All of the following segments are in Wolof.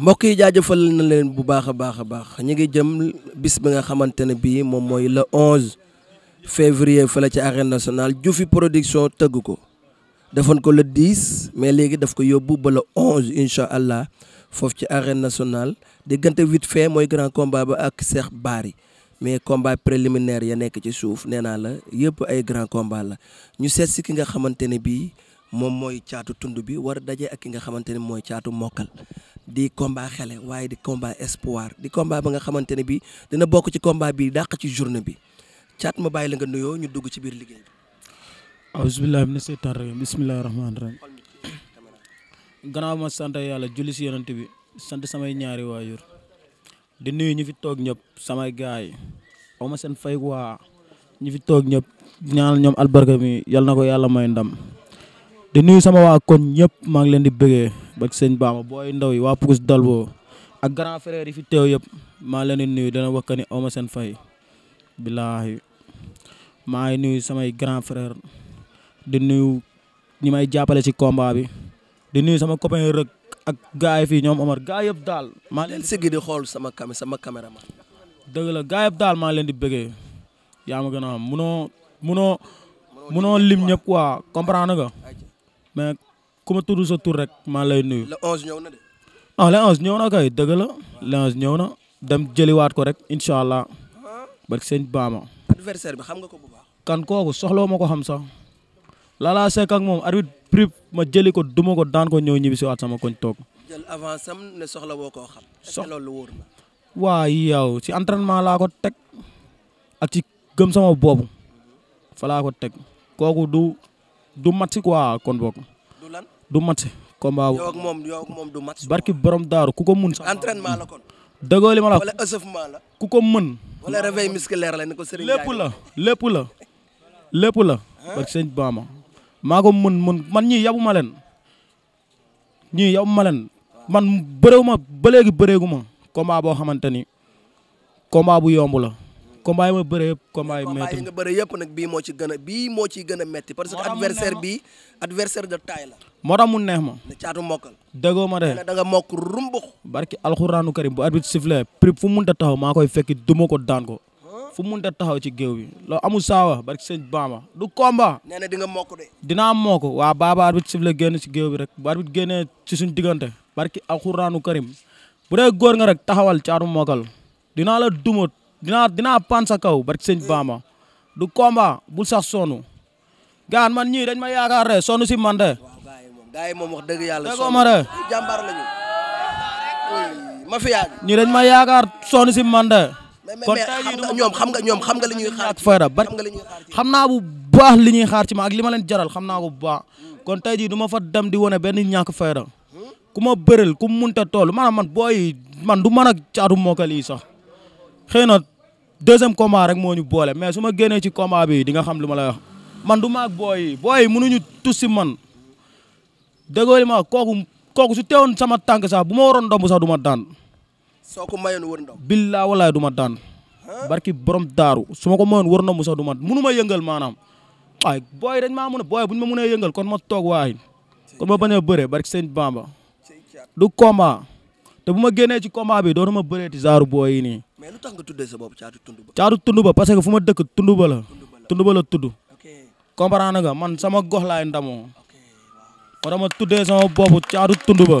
mbokk yi jaajëfal na leen bu baax a baax a baax ñu ngi jëm bis bi nga xamante ne bii moom mooy le 11 février fële ci arène nationale Jufi production tëgg ko defoon ko le 10 mais léegi daf ko yóbbu ba le incha allah foofu ci arène nationale diggante huit fee mooy grand combat ba ak Cheikh Bary mais combat préliminaire ya nekk ci suuf nee naa la yëpp ay grand la ñu seet si ki nga xamante ne bii moom mooy caatu tund bi war daje ak ki nga xamante ne mooy caatu mokkal. di combat xele waaye di combat espoir di combat ba nga xamante ne bi dina bokk ci combat bi dàq ci journée bi caat ma bàyyi la nga nuyoo ñu dugg ci biir liggéey bi aousubillahi mina seytaan rahim bisimilahi rahmaani rahim gannaaw ma sant yàlla julli si yonent bi sant samay ñaari waajur di nuyu ñu fi toog ñëpp samay gaay aw seen fay waa ñu fi toog ñëpp ñaanal ñoom albarka mi yal na ko yàlla may ndam di nuyu sama waa kon ñëpp maa ngi leen di bëggee ba sëñ ba booy ndaw yi waa Pouce Dalbo ak grand frère yi fi teew yëpp maa leen di nuyu dana wax ni awma seen fay bilaahi maa ngi nuyu samay grand frère di nuyu ñi may jàppale ci combat bi di nuyu sama copain rek ak gaay fii ñoom Omar gaay yëpp daal. maa leen sëgg di xool sama cam sama caméraman. dëgg gaay yëpp daal maa leen di bëggee yaa ma gën a lim ñëpp quoi comprendre nga. mais ku ma tudd sa rek ma lay nuyu. le 11 ñëw na de. ah le ñëw na kay dëgg la le 11 na dem jëliwaat ko rek incha allah ah. barke sëñ Baama. adversaire bi xam nga ko bu baax. kan kooku soxla ma ko xam sax. Lala Seck ak moom arbitre prip ma jëli ko duma ko daan ko ñëw ñibbi si waat sama koñ toog. jël avance am koo xam. sox waa yow si entraînement laa ko teg ak ci gëm sama boobu fa ko teg kooku du du matsi quoi kon boog. du lan du match. combat moom yow moom du match. barki borom daaru ku ko mun. entraînement la kon. dëggoo li ma la ku ko mën. wala réveil musculaire la ni ko Serigne lépp la lépp la la. barki sëñ Bama maa ko mën mën man ñii yabu ma leen ñii yabu ma man bëreewu ma ba léegi bëreegu ma boo xamante ni combat bu yomb la. combat yi ma bëre yëpp combat yi métti yi nga bëre yëpp nag bii moo ci gën a bii moo ciy gën a métti parce que adversaire bi adversaire de taille la moo mu neex ma ne ma de da mokk rumbux barki alxuraanu karim bu arbitre sifflé ko daan ko fu munta taxaw ci géew bi loolu amul saawa barki sëñ Bamba du combat nee na di nga mokk de dinaa mokk waa baaba arbitre sifflé génn ci géew bi rek bu arbitre génnee ci suñ diggante barki alxuraanu karim bu dee góor nga rek taxawal caatu mokkal dinaa la duma dinaa dinaa pan kaw barki sëñ Bamba du combat bul sax sonn gaan man ñii dañ ma yaakaar de sonn si man de. gars yi moom wax dëgg yàlla. sonn ma de. jàmbaar ma yaakaar. ñii dañ ma yaakaar sonn si man de. kon tey jii du ñoom xam nga ñoom xam nga li ñuy xaar. ak fayda barki xam naa bu baax li ñuy xaar ci ma li ma leen jaral xam naa ko bu baax kon tey jii du ma fa dem di wone benn ñàkk fayda hmm? ku ma bëril ku munta toll maanaam man booy man du mën a caatu mokkal yi sax. xëy na deuxième combat rek moo ñu boole mais su ma génnee ci combat bi di nga xam lu ma lay wax man du maag booy booyi booy yi mënuñu tus si man déggoo ma kooku kooku su teewoon sama tànk sax bu ma waroon ndomb sax du ma daan. soo ko mayoon wër ndomb. billaa walaay du ma daan. barki borom daaru su ma ko mayoon wër ndomb sax du ma mënu ma yëngal maanaam ay booy yi dañ maa mën a booy bu ñu ma mënee yëngal kon ma toog waaye kon ma bañ a bëree barki sëñ Bamba du combat. bu ma génnee ci combat bi ma bëreeti genre booy yi nii. mais lu tax nga tuddee sa bopp caatu tund ba. caatu tund ba parce que fu ma dëkk tund ba la. tund ba la man sama gox laay ndamoo. ma dama tuddee sama bopp caatu tund ba.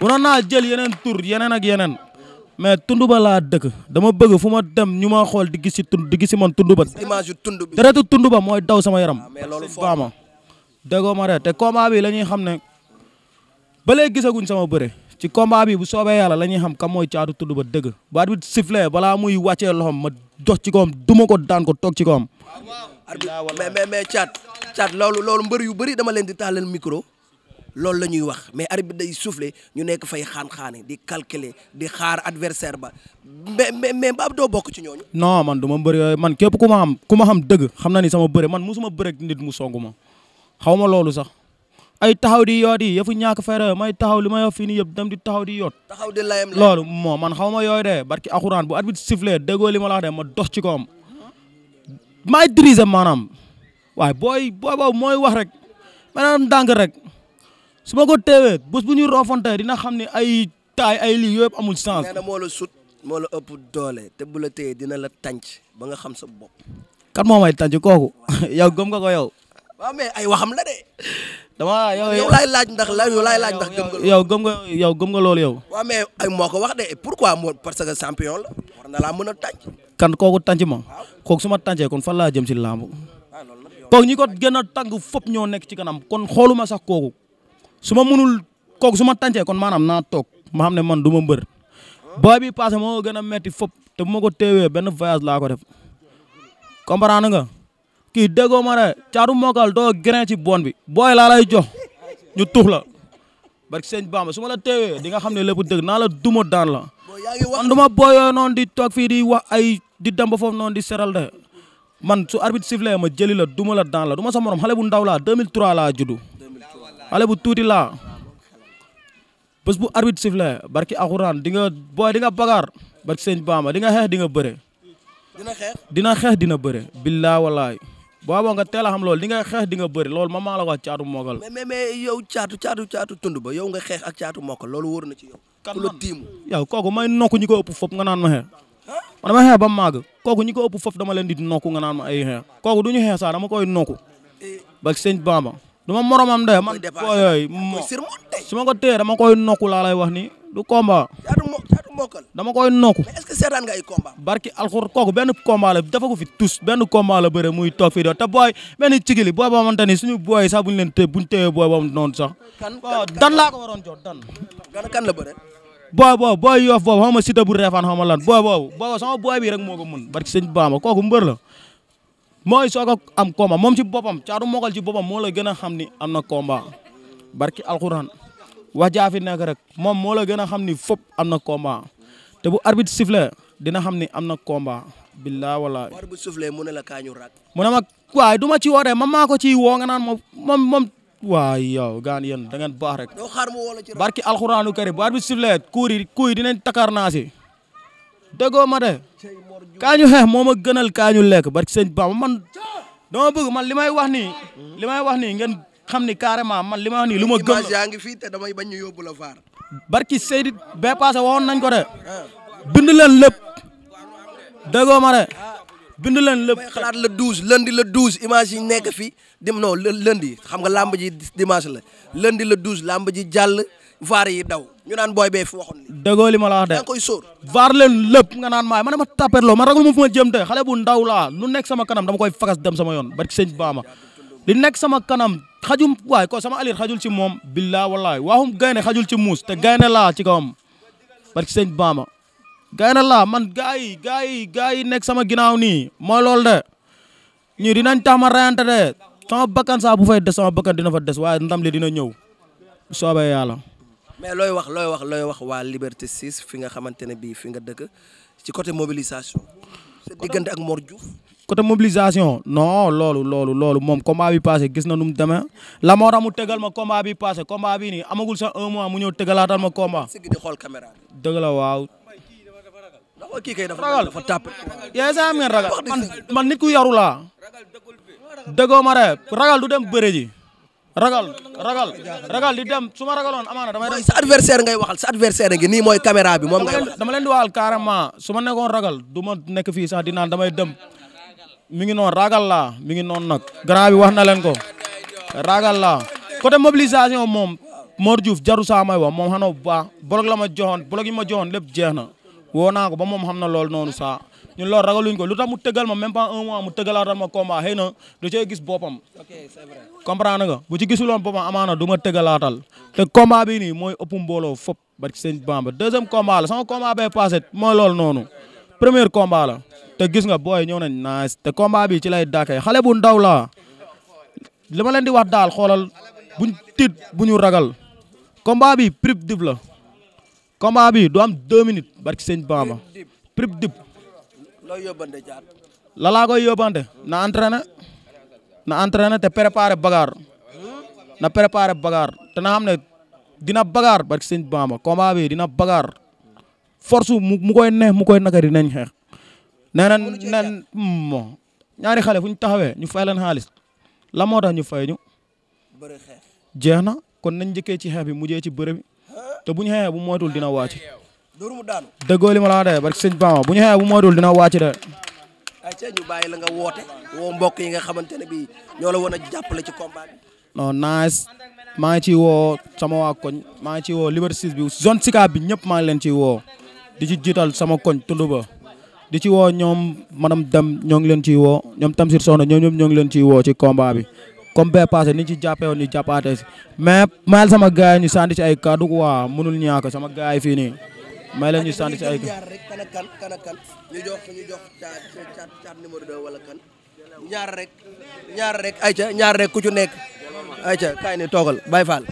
waroon naa jël yeneen tur yeneen ak yeneen. mais tund ba laa dëkk dama bëgg fu ma dem ñu ma xool di gis si di gis si man tund ba. image tund bi deretu tund ba mooy daw sama yaram. Ah, mais loolu foofu ma déggoo ma te combat bi la ñuy xam ne ba léegi gisaguñ sama bëre. ci combat bi bu soobee yàlla la ñuy xam kamooy mooy caatu tudd ba dëgg bu arbitre sifflé balaa muy wàccee loxom ma dox ci kawam duma ko daan ko toog ci kawam. mais mais mais caat caat loolu loolu mbër yu bëri dama leen di taalal micro loolu la ñuy wax mais arbitre day soufflé ñu nekk fay xaan-xaane di calculer di xaar adversaire ba mais mais mais ba doo bokk ci ñooñu. non man du ma mbër yooyu man képp ku ma xam ku ma xam dëgg xam na ni sama bëre man musuma bëre nit mu songu ma xaw ma loolu sax. ay taxaw di yoot yi yëfu ñàkk fayra may taxaw li ma wax fii nii yëpp dem di taxaw di yoot taxaw di layam loolu moo man xaw ma yooyu de barki axuraan bu arbitre sifflé déggoo li ma la de ma dox ci koom maay maanaam waaye booy booy mooy wax rek maanaam ndànk rek ma ko teewee bés bu ñuy roofante dina xam ne ay taay ay lii yëpp amul sens. nee moo la sut moo la ëpp doole te bu la dina la tànc ba nga xam sa bopp. kat moo kooku yow gëm nga ko yow. ay waxam la de. dama yow yow laay laaj ndax la yow laaj ndax yow gëm nga yow gëm nga loolu yow waaw ay moo ko wax de pourquoi moo parce que champion la war mën a tànc kan kooku tànc ma kooku su ma tàncee kon fan laa jëm si làmb ah, kooku ñi ko gën a tàng fop ñoo nekk ci kanam kon xooluma sax kooku su ma mënul kooku su ma tàncee kon maanaam naa toog ma xam ne man du ma mbër booy bi passé moo gën a metti fop te bu ko téewee benn voyage laa ko def comprendre nga kii déggoo ma ne caaru mokkal doo grain ci bon bi booy laa lay jox ñu tux la barki sëñ Bamba su ma la teewee di xam ne lépp dëgg naa la duma daan la man booy yooyu noonu di toog fii di wax ay di dem ba foofu noonu di seral de man su arbitre sifflé ma jëli la duma la daan la du ma sa morom bu ndaw laa 2003 laa juddu xale bu tuuti laa bés bu arbitre sifflé barki alxuraan di nga booy di bagaar barki sëñ Bamba di xeex dina bëre booboo nga teel a xam loolu di nga xeex di nga bëri loolu ma maa la wax caatu mokkal. mais mais mais yow caatu caatu caatu tund ba yow nga xeex ak caatu mokkal loolu wóor na ci yow. kan la tiimu yow kooku may nokku ñi ko ëpp fop nga naan ma xeex. man dama xeex ba mu màgg kooku ñi ko ëpp foofu dama leen di nokku nga naan ma ay xeex kooku du ñu xeex sax ma koy nokku. Eh. ba sëñ Bamba. du ma moromam de man. koy yooyu ah, su ma ko téye dama koy nokku laa lay wax ni du combat. caatu dama ko nokku. mais est ay combat. barki alxur kooku benn combat la dafa ko fi tus benn combat la bëre muy toog fii doon te benn cigili booy boo xamante ni suñu booy sax buñ leen tee buñ teewee booy boo noonu laa ko waroon jot dan. gan kan la bëre. booy boobu booy yoof boobu xaw ma cité bu reefaan xaw ma lan booy boobu booy sama booy bi rek moo mun barki sëñ Bamba kooku mbër la mooy soog a am combat moom si boppam caatu mbokkal ci boppam moo la gën a xam ni am na combat barki alxuraan wax jaa fi nekk rek moom moo la gën a xam ni fop am na combat te bu arbitre sifflé dina xam ni am na combat. billaa wala. war bu soufflé mu ne la kaa ñu mu ne ma waaye du ci wootee man maa ko ciy woo nga naan moom moom moom. waay yow gaan yéen da ngeen baax rek. doo xaar mu woo la ci barki alxuraanu karim war bu soufflé kuur yi kuur yi dinañ takkaar naa si. déggoo ma de. kaa ñu xeex moo ma gënal kaa ñu lekk barki Ba man dama bëgg man li may wax nii. li wax nii xam ni carrément man li ma wax nii lu ma gëm yaa ngi fii damay bañ ñu yóbbu la faar barki Seydou bee passé waxoon nañ ko de bind len lépp déggoo ma de bind leen lépp xalaat le douze lundi le douze image yi nekk fi dim non lundi xam nga làmb ji dimanche la lundi le douze làmb ji jàll vaar yi daw ñu naan booy bee fi waxoon ni déggoo li ma la wax de da koy sóor vaar leen lépp nga naan maay ma ne ma tapperloo man ragal ma fu ma jëm de xale bu ndaw laa lu nekk sama kanam dama koy fagas dem sama yoon barki sëñ Baama li nekk sama kanam xajum waay ko sama alir xajul ci moom billaa wallaay waaxum gaynde xajul ci muus te gaynde laa ci kawam parce que sëñ baama gaynde laa man gaa yi gaa yi gaa yi nekk sama ginnaaw nii mooy lool de ñii dinañ tax ma rayante de sama bakkan saa bu fay des sama bakkan dina fa des waaye ndam li dina ñëw soobee yàlla mais looy wax looy wax looy wax waa Liberté 6 fi nga xamante ne bii fi nga dëkk ci côté mobilisation. sa diggante ak Mor Diouf. côté mobilisation non loolu loolu loolu moom combat bi passé gis na nu mu demee la mu tegal ma combat bi passé combat bi nii amagul sax un mois mu ñëw tegalaatal ma combat. sëgg waaw. waaw kay dafa dafa tàpp. yaa sa am ngeen ragal man man nit ku yaru ma rek ragal du dem bëre ji. ragal ragal ragal di dem su ma ragaloon amaana damay. mooy sa adversaire ngay waxal sa bi moom ngay dama leen di waxal carrément su ma nekkoon ragal du ma nekk fii sax di naan dem. mi ngi noonu ragal laa mi ngi noonu nag grand bi wax na leen ko ragal laa côté mobilisation moom Mor Diouf jaru saa may wax moom xam na bu baax bolog la ma joxoon bolog yi ma joxoon lépp jeex na woo naa ko ba moom xam na loolu noonu saa ñun loolu ragaluñ ko lu tax mu tëggal ma même pas un mois mu tëggalaatal ma combat xëy na da cee gis boppam comprendre nga bu ci gisuloon boppam amaana du ma tëggalaatal te combat bi nii mooy ëpp mbooloo fop barki seen Bamba deuxième combat la sama combat bay loolu noonu premier combat la te gis nga booy ñëw nañ nice te combat bi ci lay dàkkee xale bu ndaw la li ma leen di daal xoolal buñ tiit bu ñu ragal combat bi prip dib la combat bi du am deux minutes barki sëñ Bamba prip dib la laa koy yóbbante na entraîné na entraîné te préparé bagaar na préparé bagaar te na ne dina bagaar barki sëñ Bamba combat dina bagaar force mu mu koy neex mu koy nagari nañ xeex. nee nañ nen hmm, bon ñaari xale fu ñu taxawee ñu fay leen xaalis la moo tax ñu fay ñu. jeex na kon nañ njëkkee ci xeex bi mujjee ci bëre bi te bu ñu xeexee bu moytul dina wàcc. dëggoo li ma la wax de barke sëñ bu ñu xeexee bu dina wàcc de. ayca ñu bàyyi la nga woote woo mbokk yi nga xamante ne bii ñoo la woon a jàppale ci combat bi. maa ngi woo sama waa koñ maa ngi ciy woo Liberté 6 bi zone Sicap bi ñëpp maa leen ciy woo. di ci jiital sama koñ tund ba di ci woo ñoom manam dem ñoo ngi leen ciy woo ñoom tam Soxna ñoom ñoom ñoo ngi leen ciy woo ci combat bi comme bee passé ni ci jàppee woon ñu jàppaatee si mais mayal sama gars yi ñu sànni ci ay kaddu waa mënul ñaaka sama gars yi fii nii may leen ñu sànni ci ay ñaar rek ñaar rek ayca ñaar rek ku ci nekk ayca kaay ni toogal Baye Fall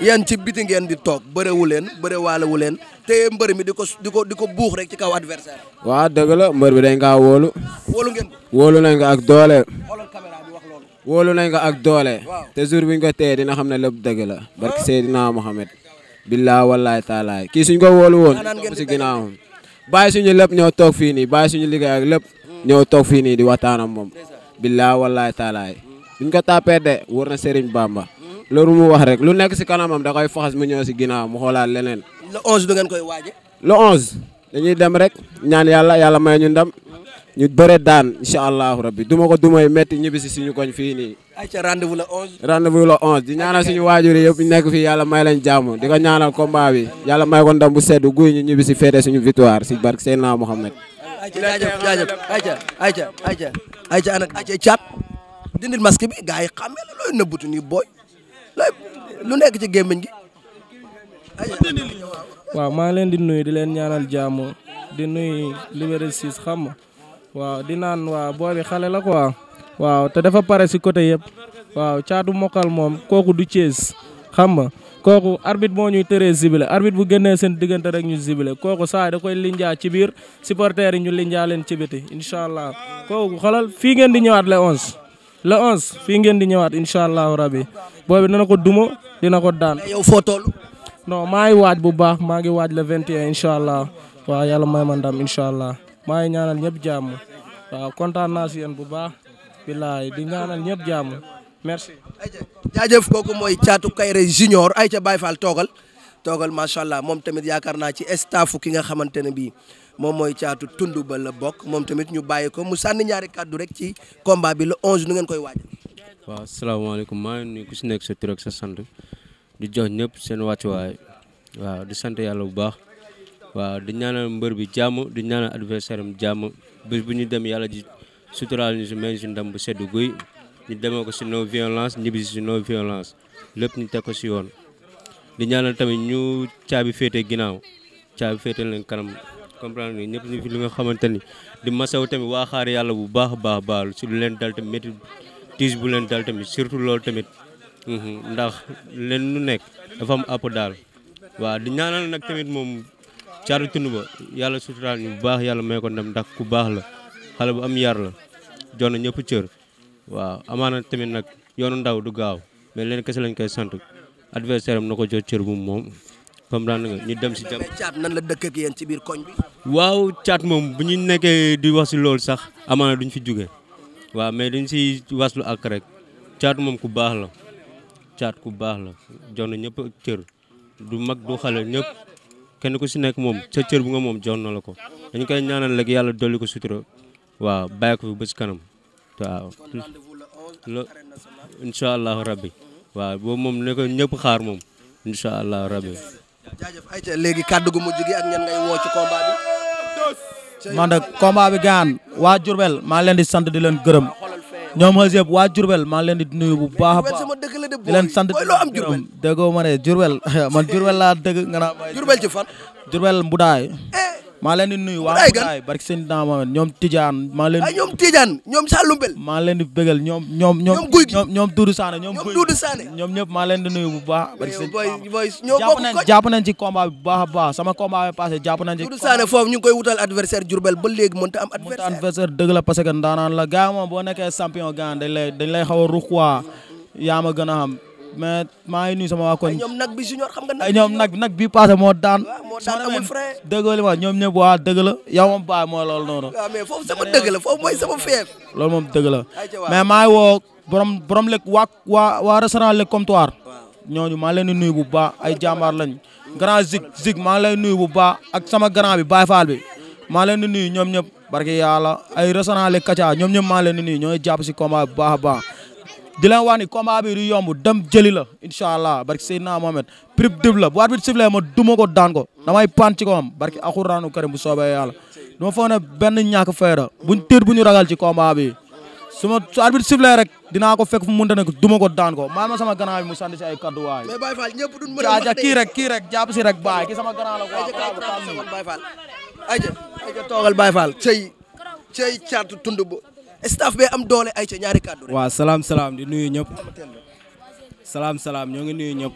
yan ci biti ngeen di toog bërewu leen bërewaalewu leen te mbër mi di ko di ko di ko buux rek ci kaw adversaire waa dëgg la mbër bi dañ kaa wóolu. wóolu ngeen ko. nañ ko ak doole. xoolal caméra bi nañ ko ak doole. te jour bi ñu ko téye dina xam ne lépp dëgg la. barki Seydina Mohamed. billaa wallaay taalaay kii suñ ko wóolu woon. si ginnaawam bàyyi suñu lépp ñëw toog fii nii bàyyi suñu liggéey ak lépp. ñëw toog fii nii di waxtaan ak moom. billaa wallaay taalaay. buñ ko tàppee de wër na Serigne Bamba loolu mu wax rek lu nekk si kanamam da koy faxas mu ñëw si ginnaaw mu xoolaat leneen. le 11 du ngeen koy waaje le dem rek ñaan yàlla yàlla may ñu ndam ñu bëre daan incha allahu rabbi duma ko dumay metti ñibbi si suñu koñ fii nii. ayca rendez-vous le 11. rendez-vous le 11 di ñaanal suñu waajur yëpp ñu nekk fii yàlla may leen jàmm di ko ñaana combat bi yàlla may ko ndam bu sedd guy ñu ñibbi si féete suñu victoire si barke Seydina Mohamed. ayca jaajëf jaajëf ayca ayca ayca ayca ayca ayca ayca ayca ayca ayca lu nekk ci gémmiñ gi. waaw maa ngi leen di nuyu di leen ñaanal jàmm di nuyu Liberté 6 xam nga waaw di naan waa boobi xale la quoi. waaw te dafa pare si côté yëpp waaw caatu mokkal moom kooku du Thiès xam nga kooku arbitre moo ñuy tëree zibile arbitre bu génnee seen diggante rek ñu zibile kooku saa da koy linjaa ci biir supporters yi ñu linjaa leen ci biti incha allah kooku xolal fii ngeen di ñëwaat le 11. le 11 fii ngeen di ñëwaat incha allahu rabi booy bi dina ko duma dina ko daan. yow foo toll. non maa ngi bu baax maa ngi waaj le vingt incha allah waaw yàlla may ma ndam incha allah maa ngi ñëpp jàmm waaw kontaan naa si bu baax bilaay di ñaanal ñëpp jàmm merci. jaajëf kooku mooy caatu Kairé Junior ay ca Baye Fall toogal toogal macha allah moom tamit yaakaar naa ci staffu ki nga xamante ne bii. moom mooy caatu tund ba la bokk moom tamit ñu bàyyi ko mu sànni ñaari kàddu rek ci combat bi le 11 nu ngeen koy waajal. waaw asalaamaaleykum maa ngi nuyu ku si nekk sa tur sa sant di jox ñëpp seen wàccuwaay waaw di sant yàlla bu baax waaw di ñaanal mbër bi jàmm di ñaanal adversaire jàmm bés bu ñu dem yàlla ji suturaal ñu si may si ndam bu seddu guy ñu demee ko si non violence ñibbi si non violence lépp ñu teg ko si yoon di ñaanal tamit ñu caabi féete ginnaaw caabi féete kanam. comprendre nga ñëpp ñu fi li nga xamante ni di masaw tamit waa xaar yàlla bu baax a baax baal si lu leen dal tamit métti tiis bu leen dal tamit surtout loolu tamit mhm. ndax leen lu nekk a am àpp daal waaw di ñaanal nag tamit moom caatu tund ba yàlla suturaal ñu bu baax yàlla may ko ndam ndax ku baax la xale bu am yar la jox na ñëpp cër waaw amaana tamit nag yoonu ndaw du gaaw mais leen kese lañ koy sant adversaire am na ko cër bu moom comprendre nga ñu dem si jàmm. caat nan la dëkk ak yéen biir koñ bi. waaw caat moom bu ñu nekkee di wax si loolu sax amaana duñ fi jóge waaw mais dañ si waslu ak rek caat moom ku baax la caat ku baax la jox na ñëpp cër du mag du xale ñëpp kenn ku si nekk moom sa cër bu nga moom jox na la ko dañ koy ñaanal rek yàlla dolli ko sutura waaw bàyyi ko ba si kanam waaw. lo incha allahu rabbi waaw boobu moom ne ko ñëpp xaar moom incha allahu rabbi jaajëf ayca léegi kàddu gu mujj ak ñan woo ci combat bi. man de combat gaan waa Diourbel maa leen di sant di leen gërëm ñoom Heuze waa Diourbel maa leen di nuyu bu baax a di leen sant di leen gërëm déggoo ma ne Diourbel man Diourbel laa dëgg nga naa. Diourbel fan. Diourbel Mbudaay. Eh, maa leen di nuyu waa Mboudaay barki seen daan Mohamed ñoom Tidiane maa leen ñoom Tidiane ñoom maa leen di bëggal ñoom ñoom ñoom guy ñoom ñoom Doudou Sané ñoom Doudou Sané ñoom ñëpp maa leen di nuyu bu baax barki seen jàpp nañ jàpp nañ ci combat bu baax a baax sama combat bi passé jàpp nañ ci Doudou Sané foofu ñu ngi koy wutal adversaire Diourbel ba léegi mënta am adversaire mënta adversaire dëgg la parce que ndaanaan la gars moom boo nekkee champion gars dañ dañ lay xaw a ruux yaa a xam mais maa ngi nuyu sama waa koñ. ñoom nag bi junior xam nga. ñoom nag nag bi passé moo daan. moo daan amul frais dëgg ma ñoom ñëpp waa dëgg la yow moom baay mooy loolu noonu. waaw mais foofu sama dëgg la foofu mooy sama feef. loolu moom dëgg la mais maa ngi woo borom borom lekk waa waa waa restaurant lekk comptoir. ñooñu maa leen di nuyu bu baax ay jàmbaar lañ grand zig zig maa lay nuyu bu baax ak sama grand bi Baye Fall bi maa leen nuyu ñoom ñëpp barke yàlla ay restaurant lekk kaca ñoom ñëpp maa leen nuyu ñooy jàpp si combat bu baax a di leen wax ni combat bi du yomb dem jëli la incha allah barki Seydina Mohamed prib dib la bu arbitre sifflé ma duma ko daan ko damay pan ci kawam barki alxuraanu karim bu soobee yàlla duma foog ne benn ñàkk fayda buñ bu ñu ragal ci combat bi su ma su arbitre rek dinaa ko fek fu mu mënta nekk duma ko daan ko maa ma sama gannaaw bi mu sànni si ay kaddu waay mais kii rek kii rek jàpp si rek baay ki sama gannaaw la waaw Baye Fall ayca ayca toogal Baye Fall staff bee am doole ay ca ñaari kàddu rek. waaw salaam salaam di nuyu ñëpp. salaam salaam ñoo ngi nuyu ñëpp.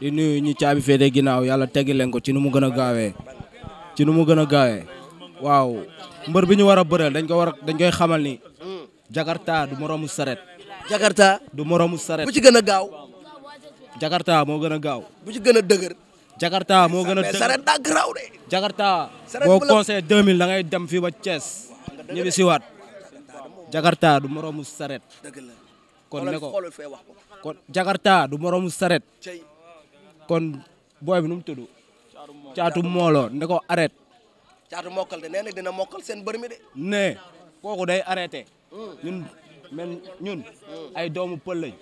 di nuyu ñu caabi féete ginnaaw yàlla teggi leen ko ci nu gën a gaawee. ci mu gën a gaawee. waaw mbër bi ñu war a bëreel dañ ko war a dañ koy xamal ni. Jakarta du moromu saret. Jakarta du moromu saret. bu ci gën a gaaw. Jakarta moo gën a gaaw. bu ci gën a dëgër. Jakarta moo gën a dëgër saret Jakarta boo conseil 2000 da ngay dem fi ba Thiès ñibbi siwaat Jakarta du moromu saret. kon ne ko kon Jakarta du moromu saret. kon booy bi caatu mooloo ne ko arrêté. caatu mokkal de nee na seen bërmi kooku day arrêté. ay doomu pël lañ.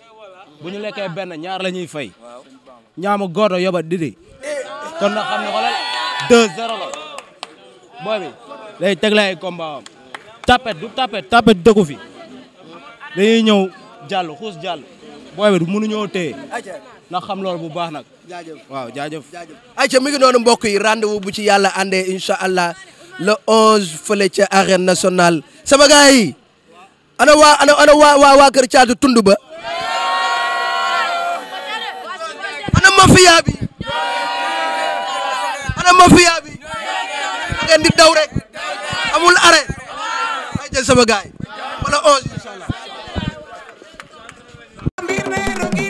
bu ñu lekkee benn ñaar la ñuy fay. ñaama góor a yoba didi. kon nag xam ne xoolal 2-0 la. booy bi ay combat tapet du tapet tapet dëkku fi dañuy ñëw jàll xuus jàll booy bi du mënuñoo téye ndax xam lool bu baax nag. jaajëf waaw jaajëf. ayca mi ngi noonu mbokk yi rendez-vous bu ci yàlla àndee incha allah le 11 fële ca arène nationale. sama gars yi ana waa ana ana waa waa waa kër caatu tund ba. ana mafia bi. ana mafia bi. ngeen di daw rek. amul arrêt. sama gaay wala 11 inshallah